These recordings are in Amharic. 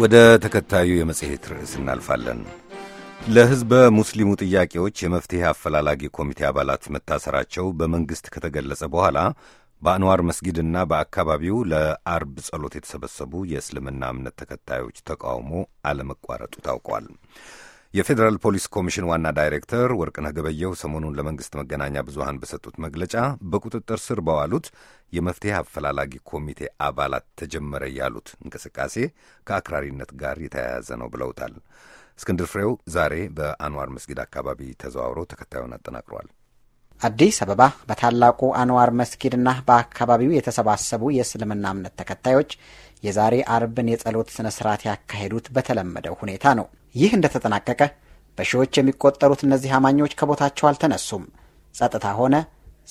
ወደ ተከታዩ የመጽሔት ርዕስ እናልፋለን። ለሕዝበ ሙስሊሙ ጥያቄዎች የመፍትሔ አፈላላጊ ኮሚቴ አባላት መታሰራቸው በመንግሥት ከተገለጸ በኋላ በአንዋር መስጊድና በአካባቢው ለአርብ ጸሎት የተሰበሰቡ የእስልምና እምነት ተከታዮች ተቃውሞ አለመቋረጡ ታውቋል። የፌዴራል ፖሊስ ኮሚሽን ዋና ዳይሬክተር ወርቅነህ ገበየው ሰሞኑን ለመንግሥት መገናኛ ብዙሃን በሰጡት መግለጫ በቁጥጥር ስር በዋሉት የመፍትሄ አፈላላጊ ኮሚቴ አባላት ተጀመረ ያሉት እንቅስቃሴ ከአክራሪነት ጋር የተያያዘ ነው ብለውታል። እስክንድር ፍሬው ዛሬ በአንዋር መስጊድ አካባቢ ተዘዋውሮ ተከታዩን አጠናቅሯል። አዲስ አበባ በታላቁ አንዋር መስጊድና በአካባቢው የተሰባሰቡ የእስልምና እምነት ተከታዮች የዛሬ አርብን የጸሎት ስነ ስርዓት ያካሄዱት በተለመደው ሁኔታ ነው። ይህ እንደተጠናቀቀ በሺዎች የሚቆጠሩት እነዚህ አማኞች ከቦታቸው አልተነሱም። ጸጥታ ሆነ፣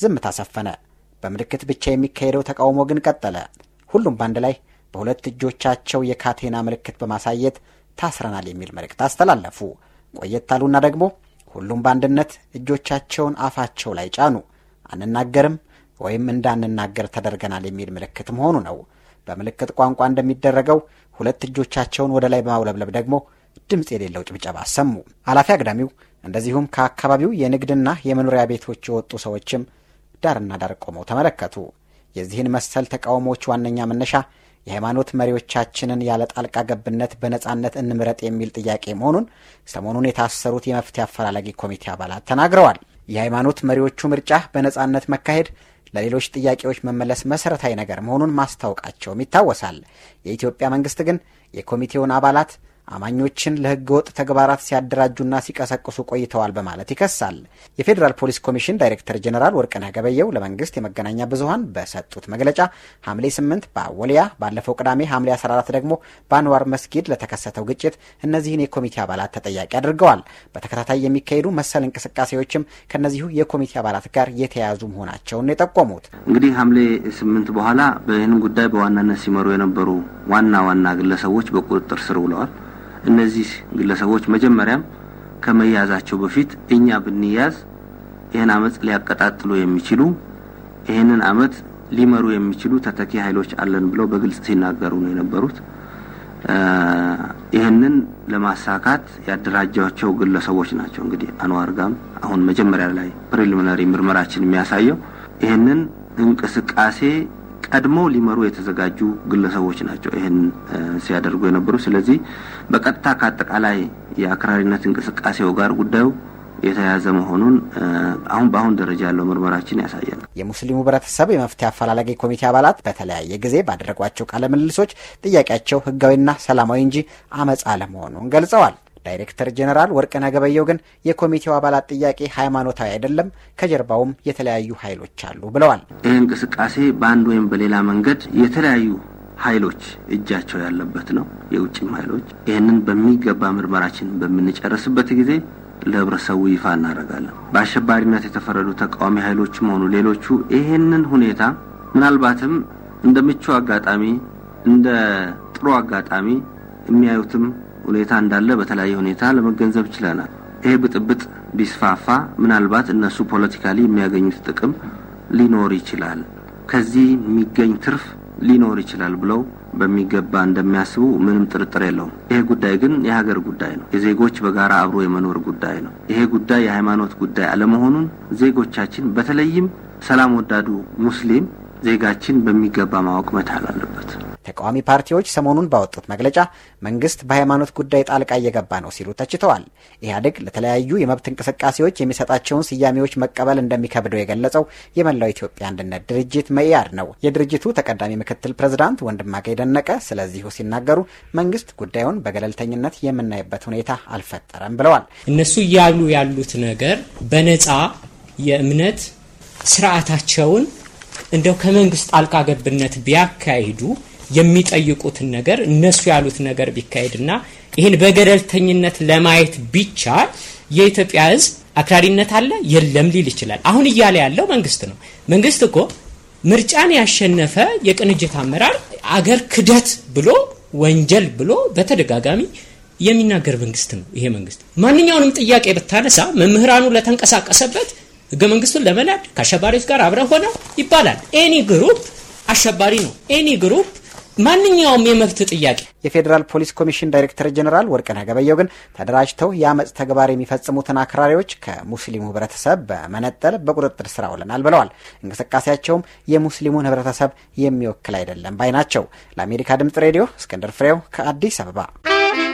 ዝምታ ሰፈነ። በምልክት ብቻ የሚካሄደው ተቃውሞ ግን ቀጠለ። ሁሉም በአንድ ላይ በሁለት እጆቻቸው የካቴና ምልክት በማሳየት ታስረናል የሚል መልእክት አስተላለፉ። ቆየት አሉና ደግሞ ሁሉም በአንድነት እጆቻቸውን አፋቸው ላይ ጫኑ። አንናገርም ወይም እንዳንናገር ተደርገናል የሚል ምልክት መሆኑ ነው። በምልክት ቋንቋ እንደሚደረገው ሁለት እጆቻቸውን ወደ ላይ በማውለብለብ ደግሞ ድምፅ የሌለው ጭብጨባ አሰሙ። ኃላፊ አግዳሚው እንደዚሁም ከአካባቢው የንግድና የመኖሪያ ቤቶች የወጡ ሰዎችም ዳርና ዳር ቆመው ተመለከቱ። የዚህን መሰል ተቃውሞዎች ዋነኛ መነሻ የሃይማኖት መሪዎቻችንን ያለ ጣልቃ ገብነት በነጻነት እንምረጥ የሚል ጥያቄ መሆኑን ሰሞኑን የታሰሩት የመፍትሄ አፈላላጊ ኮሚቴ አባላት ተናግረዋል። የሃይማኖት መሪዎቹ ምርጫ በነጻነት መካሄድ ለሌሎች ጥያቄዎች መመለስ መሰረታዊ ነገር መሆኑን ማስታወቃቸውም ይታወሳል። የኢትዮጵያ መንግስት ግን የኮሚቴውን አባላት አማኞችን ለህገ ወጥ ተግባራት ሲያደራጁና ሲቀሰቅሱ ቆይተዋል በማለት ይከሳል። የፌዴራል ፖሊስ ኮሚሽን ዳይሬክተር ጀኔራል ወርቅነህ ገበየው ለመንግስት የመገናኛ ብዙሀን በሰጡት መግለጫ ሐምሌ 8 በወሊያ ባለፈው ቅዳሜ ሐምሌ 14 ደግሞ በአንዋር መስጊድ ለተከሰተው ግጭት እነዚህን የኮሚቴ አባላት ተጠያቂ አድርገዋል። በተከታታይ የሚካሄዱ መሰል እንቅስቃሴዎችም ከእነዚሁ የኮሚቴ አባላት ጋር የተያያዙ መሆናቸውን የጠቆሙት እንግዲህ ሐምሌ 8 በኋላ በይህን ጉዳይ በዋናነት ሲመሩ የነበሩ ዋና ዋና ግለሰቦች በቁጥጥር ስር ውለዋል። እነዚህ ግለሰቦች መጀመሪያም ከመያዛቸው በፊት እኛ ብንያዝ ይህን አመፅ ሊያቀጣጥሉ የሚችሉ ይህንን አመት ሊመሩ የሚችሉ ተተኪ ኃይሎች አለን ብለው በግልጽ ሲናገሩ ነው የነበሩት። ይህንን ለማሳካት ያደራጃቸው ግለሰቦች ናቸው። እንግዲህ አንዋር ጋም አሁን መጀመሪያ ላይ ፕሪሊሚናሪ ምርመራችን የሚያሳየው ይህንን እንቅስቃሴ ቀድሞው ሊመሩ የተዘጋጁ ግለሰቦች ናቸው ይህን ሲያደርጉ የነበሩ። ስለዚህ በቀጥታ ከአጠቃላይ የአክራሪነት እንቅስቃሴው ጋር ጉዳዩ የተያዘ መሆኑን አሁን በአሁን ደረጃ ያለው ምርመራችን ያሳያል። የሙስሊሙ ህብረተሰብ የመፍትሄ አፈላላጊ ኮሚቴ አባላት በተለያየ ጊዜ ባደረጓቸው ቃለ ምልልሶች ጥያቄያቸው ህጋዊና ሰላማዊ እንጂ አመፃ አለመሆኑን ገልጸዋል። ዳይሬክተር ጀኔራል ወርቅነህ ገበየው ግን የኮሚቴው አባላት ጥያቄ ሃይማኖታዊ አይደለም፣ ከጀርባውም የተለያዩ ኃይሎች አሉ ብለዋል። ይህ እንቅስቃሴ በአንድ ወይም በሌላ መንገድ የተለያዩ ኃይሎች እጃቸው ያለበት ነው፣ የውጭም ኃይሎች። ይህንን በሚገባ ምርመራችን በምንጨርስበት ጊዜ ለህብረተሰቡ ይፋ እናደርጋለን። በአሸባሪነት የተፈረዱ ተቃዋሚ ኃይሎችም ሆኑ ሌሎቹ ይህንን ሁኔታ ምናልባትም እንደምቹ አጋጣሚ እንደ ጥሩ አጋጣሚ የሚያዩትም ሁኔታ እንዳለ በተለያየ ሁኔታ ለመገንዘብ ችለናል። ይሄ ብጥብጥ ቢስፋፋ ምናልባት እነሱ ፖለቲካሊ የሚያገኙት ጥቅም ሊኖር ይችላል፣ ከዚህ የሚገኝ ትርፍ ሊኖር ይችላል ብለው በሚገባ እንደሚያስቡ ምንም ጥርጥር የለውም። ይሄ ጉዳይ ግን የሀገር ጉዳይ ነው። የዜጎች በጋራ አብሮ የመኖር ጉዳይ ነው። ይሄ ጉዳይ የሃይማኖት ጉዳይ አለመሆኑን ዜጎቻችን፣ በተለይም ሰላም ወዳዱ ሙስሊም ዜጋችን በሚገባ ማወቅ መቻል አለበት። ተቃዋሚ ፓርቲዎች ሰሞኑን ባወጡት መግለጫ መንግስት በሃይማኖት ጉዳይ ጣልቃ እየገባ ነው ሲሉ ተችተዋል። ኢህአዴግ ለተለያዩ የመብት እንቅስቃሴዎች የሚሰጣቸውን ስያሜዎች መቀበል እንደሚከብደው የገለጸው የመላው ኢትዮጵያ አንድነት ድርጅት መኢአድ ነው። የድርጅቱ ተቀዳሚ ምክትል ፕሬዝዳንት ወንድማገኝ ደነቀ ስለዚሁ ሲናገሩ መንግስት ጉዳዩን በገለልተኝነት የምናይበት ሁኔታ አልፈጠረም ብለዋል። እነሱ እያሉ ያሉት ነገር በነፃ የእምነት ስርዓታቸውን እንደው ከመንግስት ጣልቃ ገብነት ቢያካሂዱ የሚጠይቁትን ነገር እነሱ ያሉት ነገር ቢካሄድና ይህን በገደልተኝነት ለማየት ብቻ የኢትዮጵያ ህዝብ አክራሪነት አለ የለም ሊል ይችላል። አሁን እያለ ያለው መንግስት ነው። መንግስት እኮ ምርጫን ያሸነፈ የቅንጅት አመራር አገር ክደት ብሎ ወንጀል ብሎ በተደጋጋሚ የሚናገር መንግስት ነው። ይሄ መንግስት ማንኛውንም ጥያቄ ብታነሳ መምህራኑ ለተንቀሳቀሰበት ህገ መንግስቱን ለመናድ ከአሸባሪዎች ጋር አብረ ሆነ ይባላል። ኤኒ ግሩፕ አሸባሪ ነው። ኤኒ ግሩፕ ማንኛውም የመብት ጥያቄ የፌዴራል ፖሊስ ኮሚሽን ዳይሬክተር ጀኔራል ወርቅነህ ገበየው ግን ተደራጅተው የአመፅ ተግባር የሚፈጽሙትን አክራሪዎች ከሙስሊሙ ህብረተሰብ በመነጠል በቁጥጥር ስር አውለናል ብለዋል። እንቅስቃሴያቸውም የሙስሊሙን ህብረተሰብ የሚወክል አይደለም ባይ ናቸው። ለአሜሪካ ድምጽ ሬዲዮ እስክንድር ፍሬው ከአዲስ አበባ